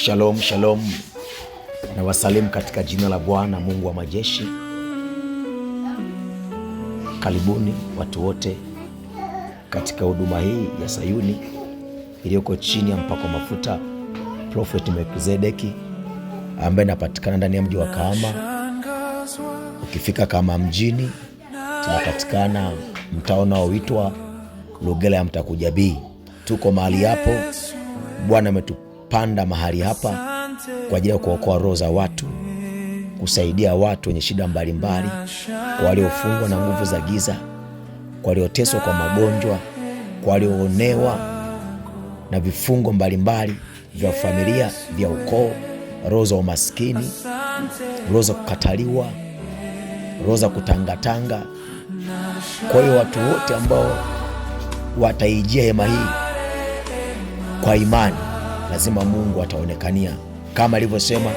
Shalom, shalom na wasalimu katika jina la Bwana Mungu wa majeshi. Karibuni watu wote katika huduma hii ya Sayuni iliyoko chini ya mpako mafuta Prophet Melkizedeki ambaye inapatikana ndani ya mji wa Kahama. Ukifika Kahama mjini, tunapatikana mtaa unaoitwa Lugela ya Mtakuja B. Tuko mahali hapo, Bwana ametupa kupanda mahali hapa kwa ajili ya kuokoa roho za watu, kusaidia watu wenye shida mbalimbali, kwa waliofungwa na nguvu za giza, kwa walioteswa kwa magonjwa, kwa walioonewa na vifungo mbalimbali vya familia, vya ukoo, roho za umaskini, roho za kukataliwa, roho za kutangatanga. Kwa hiyo watu wote ambao wataijia hema hii kwa imani lazima Mungu ataonekania kama alivyosema,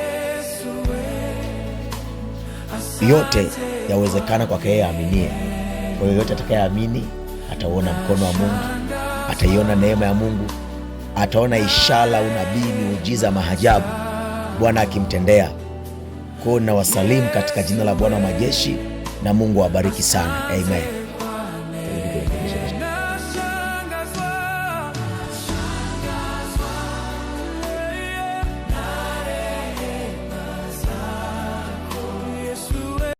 yote yawezekana kwake yeye aaminie. Kwa hiyo yote atakayeamini atauona mkono wa Mungu, ataiona neema ya Mungu, ataona ishara, unabii, miujiza, mahajabu Bwana akimtendea. Kwa hiyo nawasalimu katika jina la Bwana wa majeshi, na Mungu awabariki sana. Amen.